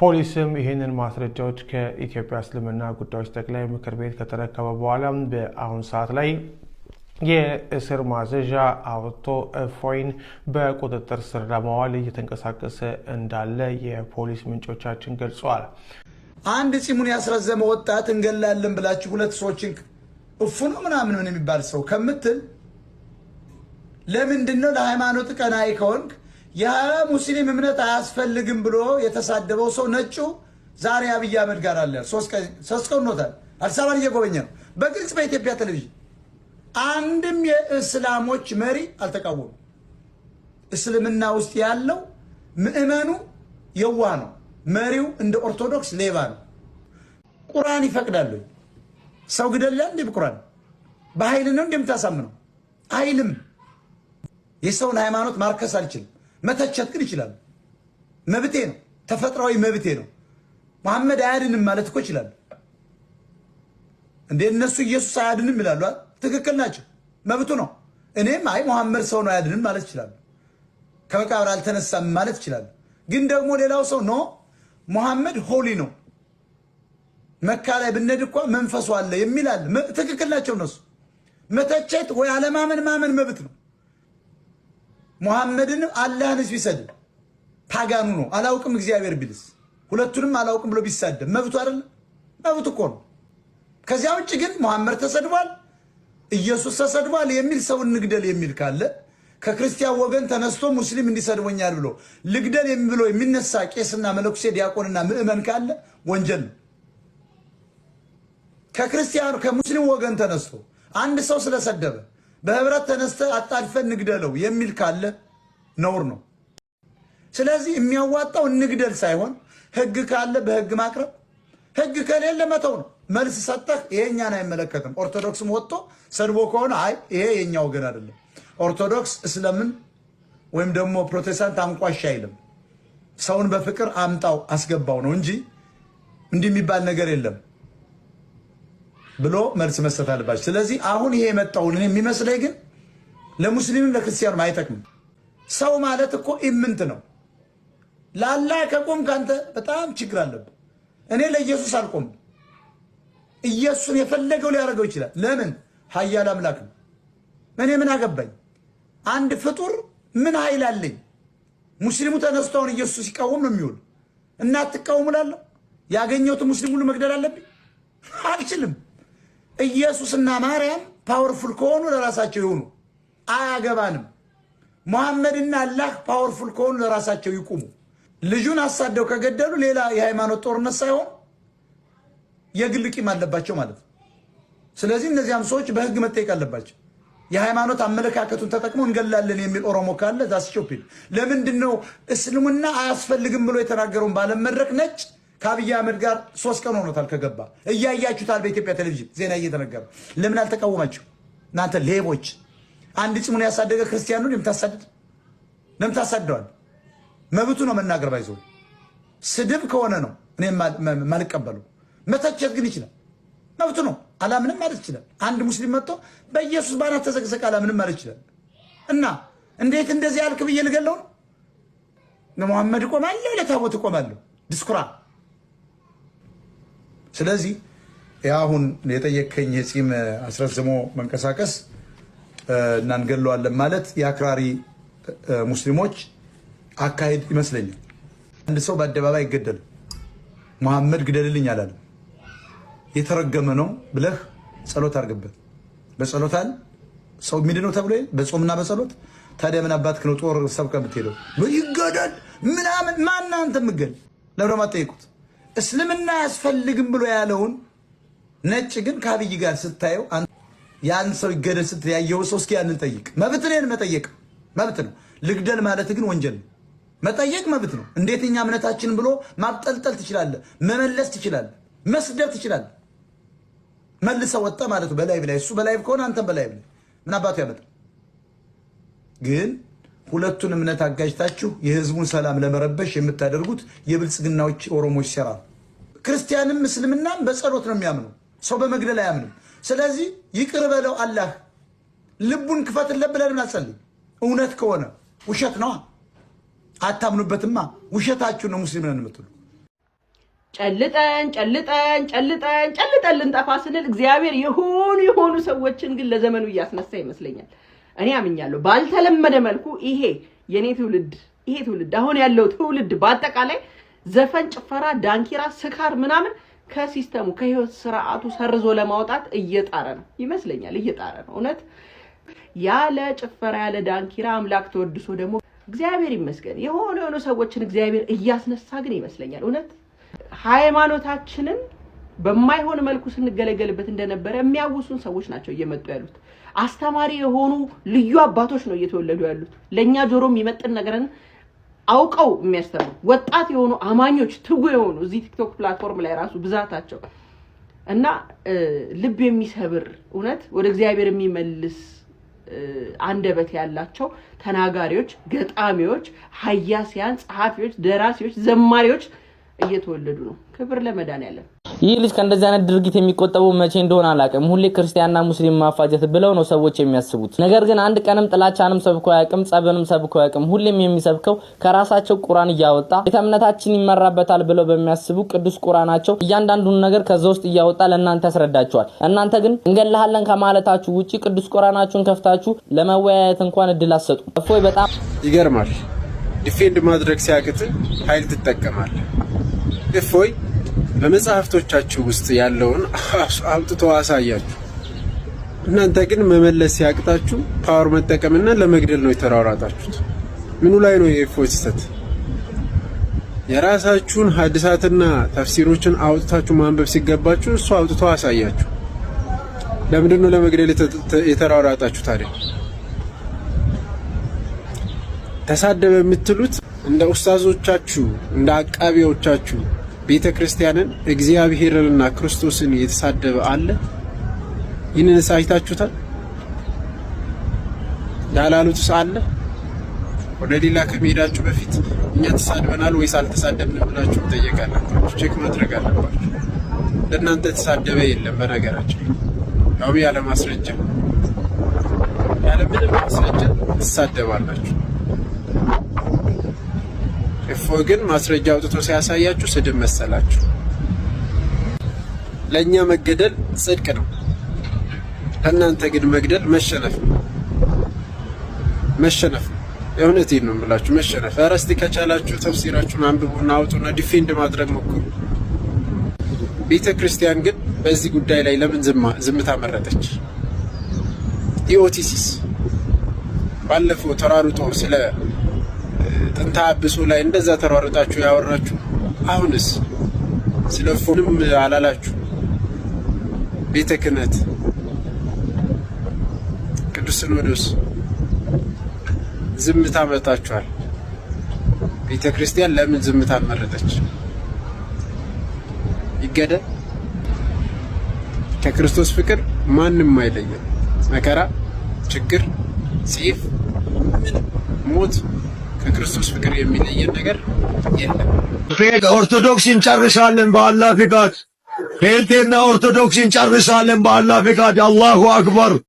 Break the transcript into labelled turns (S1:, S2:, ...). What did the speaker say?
S1: ፖሊስም ይህንን ማስረጃዎች ከኢትዮጵያ እስልምና ጉዳዮች ጠቅላይ ምክር ቤት ከተረከበ በኋላ በአሁን ሰዓት ላይ የእስር ማዘዣ አውጥቶ እፎይን በቁጥጥር ስር ለማዋል እየተንቀሳቀሰ እንዳለ የፖሊስ ምንጮቻችን ገልጸዋል።
S2: አንድ ፂሙን ያስረዘመ ወጣት እንገላለን ብላችሁ ሁለት ሰዎችን እፉ ነው ምናምን ምን የሚባል ሰው ከምትል ለምንድን ነው ለሃይማኖት ቀናይ ከሆንክ የሙስሊም እምነት አያስፈልግም ብሎ የተሳደበው ሰው ነጩ ዛሬ አብይ አህመድ ጋር አለ። ሶስት ቀን ኖታል። አዲስ አበባን እየጎበኘ ነው በግልጽ በኢትዮጵያ ቴሌቪዥን። አንድም የእስላሞች መሪ አልተቃወሙ። እስልምና ውስጥ ያለው ምእመኑ የዋ ነው፣ መሪው እንደ ኦርቶዶክስ ሌባ ነው። ቁርአን ይፈቅዳሉ። ሰው ግደላ እንዴ? ቁርአን በኃይል ነው እንደምታሳምነው አይልም። የሰውን ሃይማኖት ማርከስ አልችልም። መተቸት ግን ይችላሉ። መብቴ ነው፣ ተፈጥሯዊ መብቴ ነው። መሐመድ አያድንም ማለት እኮ ይችላሉ እንዴ! እነሱ ኢየሱስ አያድንም ይላሉ። ትክክል ናቸው፣ መብቱ ነው። እኔም አይ መሐመድ ሰው ነው አያድንም ማለት ይችላሉ። ከመቃብር አልተነሳም ማለት ይችላሉ። ግን ደግሞ ሌላው ሰው ኖ መሐመድ ሆሊ ነው መካ ላይ ብነድ እኳ መንፈሱ አለ የሚላል ትክክል ናቸው እነሱ። መተቸት ወይ አለማመን ማመን መብት ነው። ሙሐመድን አላህንስ ቢሰድብ ፓጋኑ ነው። አላውቅም እግዚአብሔር ቢልስ ሁለቱንም አላውቅም ብሎ ቢሳደብ መብቱ አይደለም? መብት እኮ ነው። ከዚያ ውጭ ግን ሙሐመድ ተሰድቧል፣ ኢየሱስ ተሰድቧል የሚል ሰው እንግደል የሚል ካለ ከክርስቲያን ወገን ተነስቶ ሙስሊም እንዲሰድቦኛል ብሎ ልግደል ብሎ የሚነሳ ቄስና መለኩሴ ዲያቆንና ምእመን ካለ ወንጀል ነው። ከክርስቲያኑ ከሙስሊም ወገን ተነስቶ አንድ ሰው ስለሰደበ በህብረት ተነስተ አጣድፈን ንግደለው የሚል ካለ ነውር ነው። ስለዚህ የሚያዋጣው ንግደል ሳይሆን ህግ ካለ በህግ ማቅረብ፣ ህግ ከሌለ መተው ነው። መልስ ሰጠህ፣ ይሄ እኛን አይመለከትም። ኦርቶዶክስም ወጥቶ ሰድቦ ከሆነ አይ ይሄ የኛ ወገን አይደለም፣ ኦርቶዶክስ እስለምን ወይም ደግሞ ፕሮቴስታንት አንቋሽ አይልም። ሰውን በፍቅር አምጣው አስገባው ነው እንጂ እንዲህ የሚባል ነገር የለም። ብሎ መልስ መስጠት አለባቸው። ስለዚህ አሁን ይሄ የመጣውን የሚመስለኝ ግን ለሙስሊምም ለክርስቲያኑም አይጠቅምም። ሰው ማለት እኮ ኢምንት ነው። ለአላህ ከቆም ከአንተ በጣም ችግር አለብህ። እኔ ለኢየሱስ አልቆም። ኢየሱስን የፈለገው ሊያደርገው ይችላል። ለምን ሀያል አምላክ ነው። እኔ ምን አገባኝ? አንድ ፍጡር ምን ኃይል አለኝ? ሙስሊሙ ተነስቶ አሁን ኢየሱስ ሲቃወም ነው የሚውል እና ትቃወሙላለሁ። ያገኘሁትን ሙስሊም ሁሉ መግደል አለብኝ? አልችልም። ኢየሱስና ማርያም ፓወርፉል ከሆኑ ለራሳቸው ይሆኑ፣ አያገባንም። መሐመድና አላህ ፓወርፉል ከሆኑ ለራሳቸው ይቁሙ። ልጁን አሳደው ከገደሉ ሌላ የሃይማኖት ጦርነት ሳይሆን የግል ቂም አለባቸው ማለት ነው። ስለዚህ እነዚያም ሰዎች በህግ መጠየቅ አለባቸው። የሃይማኖት አመለካከቱን ተጠቅሞ እንገላለን የሚል ኦሮሞ ካለ ዛስቾፒል ለምንድን ነው እስልምና አያስፈልግም ብሎ የተናገረውን ባለመድረክ ነጭ ከአብይ አህመድ ጋር ሶስት ቀን ሆኖታል ከገባ። እያያችሁታል በኢትዮጵያ ቴሌቪዥን ዜና እየተነገረ ለምን አልተቃወማችሁ? እናንተ ሌቦች! አንድ ጽሙን ያሳደገ ክርስቲያኑን የምታሳድድ ለምን መብቱ ነው መናገር። ባይዞ ስድብ ከሆነ ነው እኔ ማልቀበሉ። መተቸት ግን ይችላል፣ መብቱ ነው። አላምንም ማለት ይችላል። አንድ ሙስሊም መጥቶ በኢየሱስ ባናት ተዘቅዘቅ አላምንም ማለት ይችላል። እና እንዴት እንደዚህ አልክ ብዬ ልገለው ነው? ለመሐመድ እቆማለሁ፣ ለታቦት እቆማለሁ። ዲስኩራ
S1: ስለዚህ አሁን የጠየከኝ የፂም አስረዝሞ መንቀሳቀስ እናንገለዋለን ማለት የአክራሪ ሙስሊሞች አካሄድ ይመስለኛል። አንድ ሰው በአደባባይ ይገደል መሐመድ ግደልልኝ አላለም። የተረገመ ነው ብለህ ጸሎት አድርግበት። በጸሎታል ሰው ነው ተብሎ በጾምና በጸሎት ታዲያ ምን አባትክ ነው ጦር ሰብቀህ የምትሄደው? ይገደል ምናምን ማናንተ ምገል ለብረማ ጠይቁት እስልምና አያስፈልግም ብሎ ያለውን ነጭ ግን ከአብይ ጋር ስታየው ያን ሰው ይገደል ስትል ያየው ሰው እስኪ ያንን ጠይቅ። መብት ነን መጠየቅ መብት ነው። ልግደል ማለት ግን ወንጀል ነው። መጠየቅ መብት ነው። እንዴት እኛ እምነታችን ብሎ ማብጠልጠል ትችላለ መመለስ ትችላለ፣ መስደብ ትችላለ መልሰ ወጣ ማለት በላይ ላይ እሱ በላይ ከሆነ አንተም በላይ ብላይ ምን አባቱ ያመጣ ግን ሁለቱን እምነት አጋጅታችሁ የህዝቡን ሰላም ለመረበሽ የምታደርጉት የብልጽግናዎች ኦሮሞች ሴራ ነው። ክርስቲያንም እስልምናም በጸሎት ነው የሚያምነው፣ ሰው በመግደል አያምንም። ስለዚህ ይቅር በለው አላህ ልቡን ክፈትለት ብለን እናጸልይ። እውነት ከሆነ ውሸት ነዋ፣ አታምኑበትማ። ውሸታችሁ ነው ሙስሊም ነን የምትሉ
S3: ጨልጠን ጨልጠን ጨልጠን ጨልጠን ልንጠፋ ስንል እግዚአብሔር የሆኑ የሆኑ ሰዎችን ግን ለዘመኑ እያስነሳ ይመስለኛል። እኔ አምኛለሁ። ባልተለመደ መልኩ ይሄ የኔ ትውልድ ይሄ ትውልድ አሁን ያለው ትውልድ በአጠቃላይ ዘፈን፣ ጭፈራ፣ ዳንኪራ፣ ስካር ምናምን ከሲስተሙ ከህይወት ስርዓቱ ሰርዞ ለማውጣት እየጣረ ነው ይመስለኛል። እየጣረ ነው እውነት። ያለ ጭፈራ ያለ ዳንኪራ አምላክ ተወድሶ ደግሞ እግዚአብሔር ይመስገን የሆነ የሆነ ሰዎችን እግዚአብሔር እያስነሳ ግን ይመስለኛል እውነት ሃይማኖታችንን በማይሆን መልኩ ስንገለገልበት እንደነበረ የሚያውሱን ሰዎች ናቸው እየመጡ ያሉት። አስተማሪ የሆኑ ልዩ አባቶች ነው እየተወለዱ ያሉት። ለእኛ ጆሮ የሚመጥን ነገርን አውቀው የሚያስተምሩ ወጣት የሆኑ አማኞች ትጉ የሆኑ እዚህ ቲክቶክ ፕላትፎርም ላይ ራሱ ብዛታቸው እና ልብ የሚሰብር እውነት ወደ እግዚአብሔር የሚመልስ አንደበት ያላቸው ተናጋሪዎች፣ ገጣሚዎች፣ ሀያሲያን፣ ጸሐፊዎች፣ ደራሲዎች፣ ዘማሪዎች እየተወለዱ ነው። ክብር ለመድኃኔዓለም። ይህ ልጅ ከእንደዚህ አይነት ድርጊት የሚቆጠበው መቼ እንደሆነ አላውቅም። ሁሌ ክርስቲያንና ሙስሊም ማፋጀት ብለው ነው ሰዎች የሚያስቡት። ነገር ግን አንድ ቀንም ጥላቻንም ሰብኮ አያውቅም፣ ጸብንም ሰብኮ አያውቅም። ሁሌም የሚሰብከው ከራሳቸው ቁራን እያወጣ ቤተ እምነታችን ይመራበታል ብለው በሚያስቡ ቅዱስ ቁራናቸው እያንዳንዱን ነገር ከዛ ውስጥ እያወጣ ለእናንተ ያስረዳቸዋል። እናንተ ግን እንገልሃለን ከማለታችሁ ውጭ ቅዱስ ቁራናችሁን ከፍታችሁ ለመወያየት እንኳን እድል አሰጡ። እፎይ በጣም
S4: ይገርማል። ዲፌንድ ማድረግ ሲያቅት ኃይል ትጠቀማለህ። እፎይ በመጽሐፍቶቻችሁ ውስጥ ያለውን አውጥቶ አሳያችሁ። እናንተ ግን መመለስ ሲያቅታችሁ ፓወር መጠቀምና ለመግደል ነው የተሯሯጣችሁት። ምኑ ላይ ነው የእፎይ ስህተት? የራሳችሁን ሀዲሳትና ተፍሲሮችን አውጥታችሁ ማንበብ ሲገባችሁ እሱ አውጥቶ አሳያችሁ። ለምንድን ነው ለመግደል የተሯሯጣችሁ ታዲያ? ተሳደበ የምትሉት እንደ ኡስታዞቻችሁ እንደ አቃቢዎቻችሁ ቤተ ክርስቲያንን እግዚአብሔርንና ክርስቶስን የተሳደበ አለ? ይህንን ሳይታችሁታል ያላሉትስ አለ? ወደ ሌላ ከመሄዳችሁ በፊት እኛ ተሳድበናል ወይስ አልተሳደብን ብላችሁ ትጠየቃላችሁ። ቼክ ማድረግ አለባችሁ። ለእናንተ ተሳደበ የለም። በነገራችን ያው ያለ ማስረጃ ያለ ምንም ማስረጃ ትሳደባላችሁ። እፎ ግን ማስረጃ አውጥቶ ሲያሳያችሁ ስድብ መሰላችሁ። ለእኛ መገደል ጽድቅ ነው፣ ለእናንተ ግን መግደል መሸነፍ ነው። መሸነፍ ነው። የእውነቴን ነው የምላችሁ፣ መሸነፍ። ኧረ እስቲ ከቻላችሁ ተፍሲራችሁን አንብቡና አውጡና ዲፌንድ ማድረግ ሞክሩ። ቤተ ክርስቲያን ግን በዚህ ጉዳይ ላይ ለምን ዝምታ መረጠች? ኢኦቲሲስ ባለፈው ተራርጦ ስለ ጥንታ ላይ እንደዛ ተሯረጣችሁ ያወራችሁ። አሁንስ ስለ ፎንም አላላችሁ። ቤተ ክህነት ቅዱስ ሲኖዶስ ዝምታ መጣችኋል። ቤተ ክርስቲያን ለምን ዝምታ መረጠች? ይገደ ከክርስቶስ ፍቅር ማንም አይለየም። መከራ፣ ችግር፣ ጽፍ ሞት ከክርስቶስ ፍቅር የሚለየን ነገር
S5: የለም። ኦርቶዶክስ እንጨርሳለን በአላ ፍቃድ። ፔንቴና ኦርቶዶክስ እንጨርሳለን በአላ ፍቃድ። አላሁ አክበር